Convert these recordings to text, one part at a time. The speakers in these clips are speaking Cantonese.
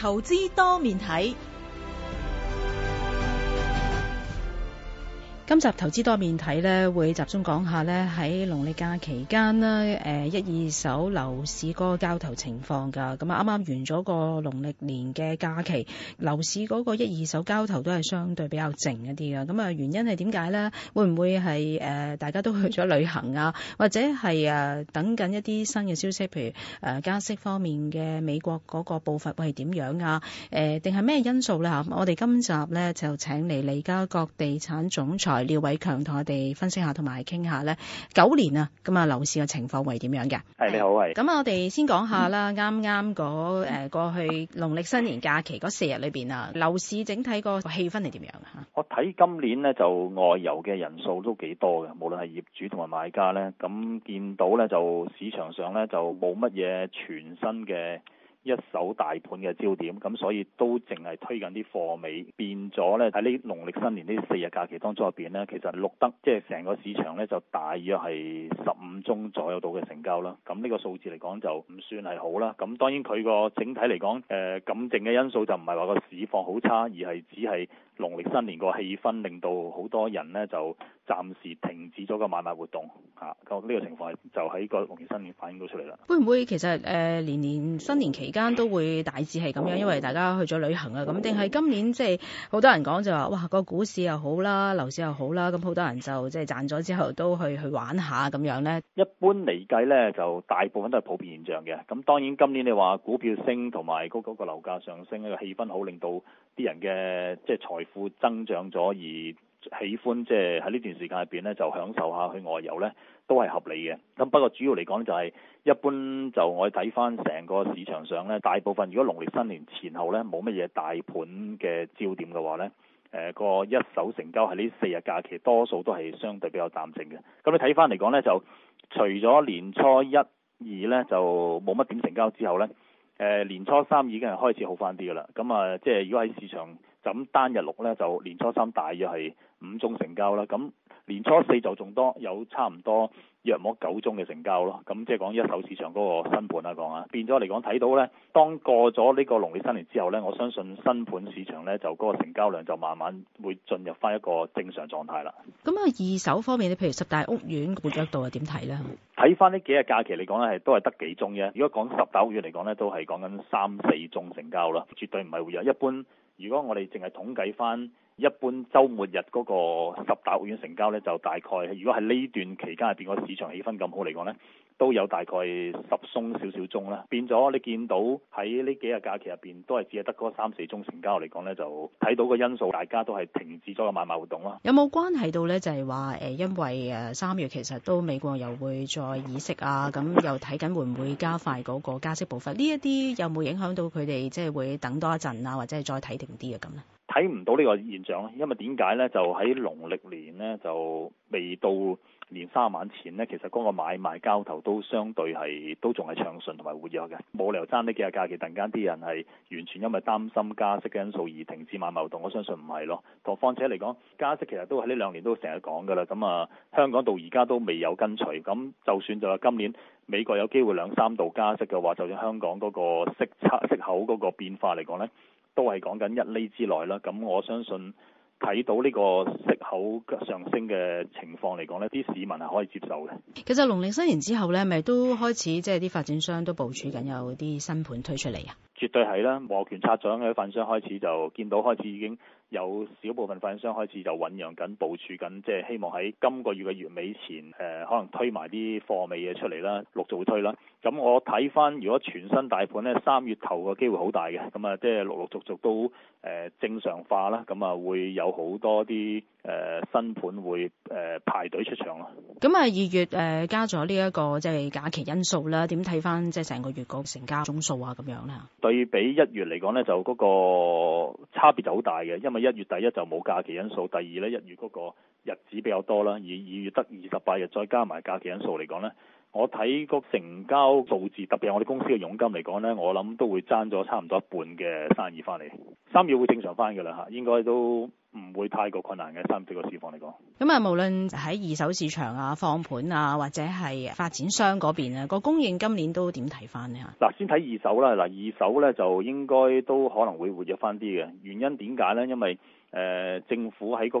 投資多面體。今集投資多面睇呢，會集中講下呢喺農曆假期間呢誒一二手樓市嗰個交投情況㗎。咁啊，啱啱完咗個農曆年嘅假期，樓市嗰個一二手交投都係相對比較靜一啲㗎。咁啊，原因係點解呢？會唔會係誒大家都去咗旅行啊？或者係啊等緊一啲新嘅消息，譬如誒加息方面嘅美國嗰個步伐會係點樣啊？誒定係咩因素呢？嚇，我哋今集呢就請嚟利嘉閣地產總裁。廖偉強同我哋分析下，同埋傾下咧，狗年啊，咁啊，樓市嘅情況係點樣嘅？係，你好，係。咁我哋先講下啦，那個。啱啱嗰誒過去農曆新年假期嗰四日裏邊啊，樓市整體個氣氛係點樣啊？我睇今年咧就外遊嘅人數都幾多嘅，無論係業主同埋買家咧，咁見到咧就市場上咧就冇乜嘢全新嘅。一手大盤嘅焦點，咁所以都淨係推緊啲貨尾，變咗呢，喺呢農曆新年呢四日假期當中入邊呢，其實錄得即係成個市場呢，就大約係十五宗左右度嘅成交啦。咁呢個數字嚟講就唔算係好啦。咁當然佢個整體嚟講，誒咁靜嘅因素就唔係話個市況好差，而係只係農曆新年個氣氛令到好多人呢就，暫時停止咗個買賣活動，嚇、啊，咁、這、呢個情況就喺個農曆新年反映到出嚟啦。會唔會其實誒年、呃、年新年期間都會大致係咁樣，因為大家去咗旅行啊，咁定係今年即係好多人講就話、是、哇、那個股市又好啦，樓市又好啦，咁、嗯、好多人就即係賺咗之後都去去玩下咁樣咧？一般嚟計咧，就大部分都係普遍現象嘅。咁當然今年你話股票升同埋嗰嗰個樓價上升呢個、那個、氣氛好，令到啲人嘅即係財富增長咗而。喜歡即係喺呢段時間入邊呢，就享受下去外遊呢，都係合理嘅。咁不過主要嚟講就係、是，一般就我睇翻成個市場上呢，大部分如果農曆新年前後呢，冇乜嘢大盤嘅焦點嘅話呢，誒、呃，那個一手成交喺呢四日假期多數都係相對比較淡靜嘅。咁你睇翻嚟講呢，就除咗年初一二呢，就冇乜點成交之後呢，誒、呃、年初三已經係開始好翻啲噶啦。咁啊、呃，即係如果喺市場，咁單日六咧就年初三大約係五宗成交啦，咁年初四就仲多，有差唔多。約摸九宗嘅成交咯，咁即係講一手市場嗰個新盤啦，講啊，變咗嚟講睇到咧，當過咗呢個農曆新年之後咧，我相信新盤市場咧就嗰個成交量就慢慢會進入翻一個正常狀態啦。咁啊，二手方面，你譬如十大屋苑活躍度又點睇咧？睇翻呢幾日假期嚟講咧，係都係得幾宗嘅。如果講十大屋苑嚟講咧，都係講緊三四宗成交啦，絕對唔係會有一般。如果我哋淨係統計翻，一般周末日嗰個十大屋苑成交咧，就大概如果喺呢段期間，入邊個市場氣氛咁好嚟講咧，都有大概十鬆少少宗啦。變咗你見到喺呢幾日假期入邊都係只係得嗰三四宗成交嚟講咧，就睇到個因素大家都係停止咗個買賣活動咯。有冇關係到咧？就係話誒，因為誒三月其實都美國又會再議息啊，咁又睇緊會唔會加快嗰個加息步伐？呢一啲有冇影響到佢哋即係會等多一陣啊？或者係再睇定啲啊？咁咧？睇唔到呢個現象，因為點解呢？就喺農曆年呢，就未到年三晚前呢，其實嗰個買賣交投都相對係都仲係暢順同埋活躍嘅，冇理由爭呢幾日假期，突然間啲人係完全因為擔心加息嘅因素而停止買賣活動。我相信唔係咯，同況且嚟講，加息其實都喺呢兩年都成日講㗎喇。咁啊，香港到而家都未有跟隨。咁就算就話今年美國有機會兩三度加息嘅話，就算香港嗰個息差息口嗰個變化嚟講呢。都係講緊一厘之內啦，咁我相信睇到呢個息口上升嘅情況嚟講，呢啲市民係可以接受嘅。其實農曆新年之後呢，咪都開始即係啲發展商都部署緊有啲新盤推出嚟啊！絕對係啦，摩拳擦掌嘅份商開始就見到開始已經。有少部分發展商開始就醖釀緊部署緊，即係希望喺今個月嘅月尾前，誒、呃、可能推埋啲貨尾嘢出嚟啦，陸續會推啦。咁、嗯、我睇翻，如果全新大盤咧，三月頭嘅機會好大嘅，咁、嗯、啊即係陸陸續續都誒、呃、正常化啦，咁、嗯、啊會有好多啲誒、呃、新盤會誒、呃、排隊出場咯。咁啊二月誒、呃、加咗呢一個即係、就是、假期因素啦，點睇翻即係成個月個成交總數啊咁樣咧？對比一月嚟講咧，就嗰個差別就好大嘅，因為一月第一就冇假期因素，第二呢，一月嗰個日子比較多啦，而二月得二十八日，再加埋假期因素嚟講呢，我睇個成交數字，特別係我哋公司嘅佣金嚟講呢，我諗都會爭咗差唔多一半嘅生意翻嚟。三月會正常翻㗎啦吓，應該都。唔會太過困難嘅，三四個市況嚟講。咁啊，無論喺二手市場啊、放盤啊，或者係發展商嗰邊啊，個供應今年都點睇翻呢？嗱，先睇二手啦。嗱，二手呢，就應該都可能會活躍翻啲嘅。原因點解呢？因為誒、呃、政府喺嗰、嗰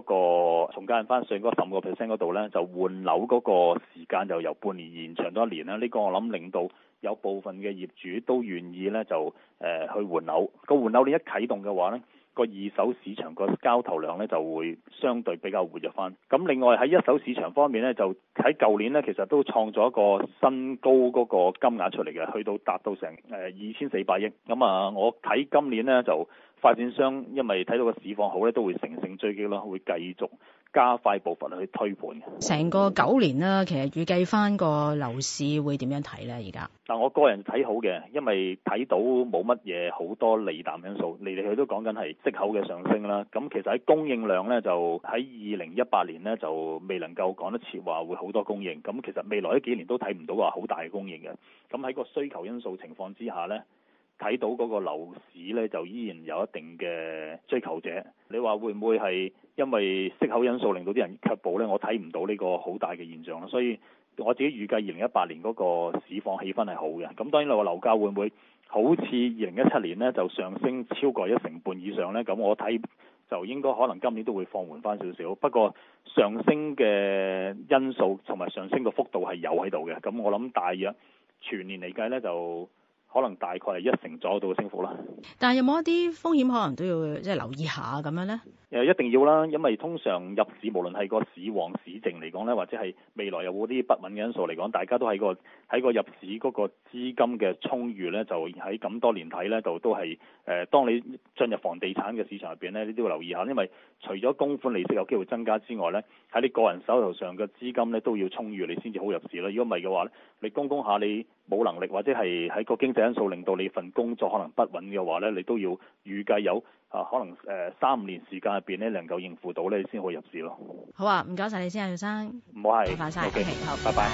個從價印花稅嗰十五個 percent 嗰度呢，就換樓嗰個時間就由半年延長多一年啦。呢、呢個我諗令到有部分嘅業主都願意呢，就誒、呃、去換樓。嗰個換樓你一啟動嘅話呢。個二手市場個交投量呢就會相對比較活躍返。咁另外喺一手市場方面呢，就喺舊年呢其實都創咗一個新高嗰個金額出嚟嘅，去到達到成誒二千四百億。咁、呃、啊，我睇今年呢就發展商因為睇到個市況好呢，都會乘勝追擊咯，會繼續。加快步伐去推盤嘅，成個狗年啦。其實預計返個樓市會點樣睇呢？而家，但我個人睇好嘅，因為睇到冇乜嘢好多利淡因素，嚟嚟去去都講緊係息口嘅上升啦。咁其實喺供應量呢，就喺二零一八年呢，就未能夠講得切話會好多供應。咁其實未來呢幾年都睇唔到話好大嘅供應嘅。咁喺個需求因素情況之下呢。睇到嗰個樓市呢，就依然有一定嘅追求者。你話會唔會係因為息口因素令到啲人卻步呢？我睇唔到呢個好大嘅現象。所以我自己預計二零一八年嗰個市況氣氛係好嘅。咁當然你話，樓價會唔會好似二零一七年呢就上升超過一成半以上呢？咁我睇就應該可能今年都會放緩翻少少。不過上升嘅因素同埋上升嘅幅度係有喺度嘅。咁我諗大約全年嚟計呢，就。可能大概係一成左右度嘅升幅啦。但係有冇一啲風險可能都要即係、就是、留意下咁樣呢？誒，一定要啦，因為通常入市無論係個市旺市靜嚟講呢，或者係未來有冇啲不穩嘅因素嚟講，大家都喺個喺個入市嗰個資金嘅充裕呢。就喺咁多年睇呢度，都係誒、呃、當你進入房地產嘅市場入邊呢，你都要留意下，因為除咗供款利息有機會增加之外呢，喺你個人手頭上嘅資金呢，都要充裕，你先至好入市啦。如果唔係嘅話呢，你供供，供下你。冇能力或者係喺個經濟因素令到你份工作可能不穩嘅話咧，你都要預計有啊可能誒三五年時間入邊咧能夠應付到咧，你先可以入市咯。好啊，唔該晒，你先啊，姚生。唔好係，唔該曬，好，拜拜。